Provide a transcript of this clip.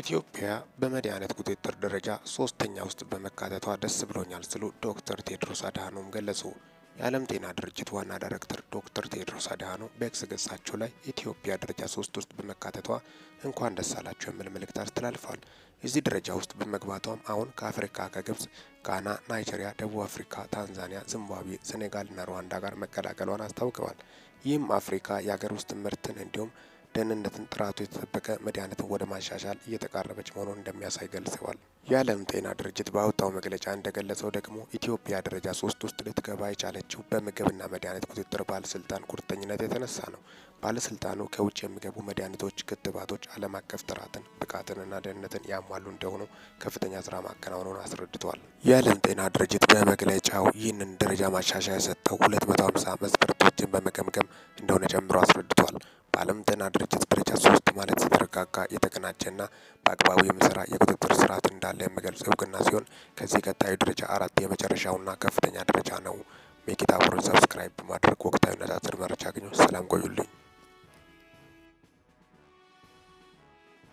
ኢትዮጵያ በመድኃኒት ቁጥጥር ደረጃ ሶስተኛ ውስጥ በመካተቷ ደስ ብሎኛል ሲሉ ዶክተር ቴድሮስ አድሃኖም ገለጹ። የዓለም ጤና ድርጅት ዋና ዳይሬክተር ዶክተር ቴድሮስ አድሃኖ በኤክስ ገጻቸው ላይ ኢትዮጵያ ደረጃ ሶስት ውስጥ በመካተቷ እንኳን ደስ አላቸው የሚል መልእክት አስተላልፏል። እዚህ ደረጃ ውስጥ በመግባቷም አሁን ከአፍሪካ ከግብጽ፣ ጋና፣ ናይጄሪያ፣ ደቡብ አፍሪካ፣ ታንዛኒያ፣ ዚምባብዌ፣ ሴኔጋልና ሩዋንዳ ጋር መቀላቀሏን አስታውቀዋል። ይህም አፍሪካ የሀገር ውስጥ ምርትን እንዲሁም ደህንነትን ጥራቱ የተጠበቀ መድኃኒትን ወደ ማሻሻል እየተቃረበች መሆኑን እንደሚያሳይ ገልጸዋል። የዓለም ጤና ድርጅት ባወጣው መግለጫ እንደገለጸው ደግሞ ኢትዮጵያ ደረጃ ሶስት ውስጥ ልትገባ የቻለችው በምግብና መድኃኒት ቁጥጥር ባለስልጣን ቁርጠኝነት የተነሳ ነው። ባለስልጣኑ ከውጭ የሚገቡ መድኃኒቶች፣ ክትባቶች ዓለም አቀፍ ጥራትን ብቃትንና ደህንነትን ያሟሉ እንደሆኑ ከፍተኛ ስራ ማከናወኑን አስረድቷል። የዓለም ጤና ድርጅት በመግለጫው ይህንን ደረጃ ማሻሻያ የሰጠው 250 መስፈርቶችን በመገምገም እንደሆነ ጨምሮ አስረድቷል። በዓለም ጤና ድርጅት ደረጃ ሶስት ማለት የተረጋጋ የተቀናጀና በአግባቡ የሚሰራ የቁጥጥር ስርዓት እንዳለ የሚገልጽ እውቅና ሲሆን ከዚህ ቀጣዩ ደረጃ አራት የመጨረሻውና ከፍተኛ ደረጃ ነው። ሜኪታቦሮች ሰብስክራይብ በማድረግ ወቅታዊ ነጻጽር መረጃ አግኙ። ሰላም ቆዩልኝ።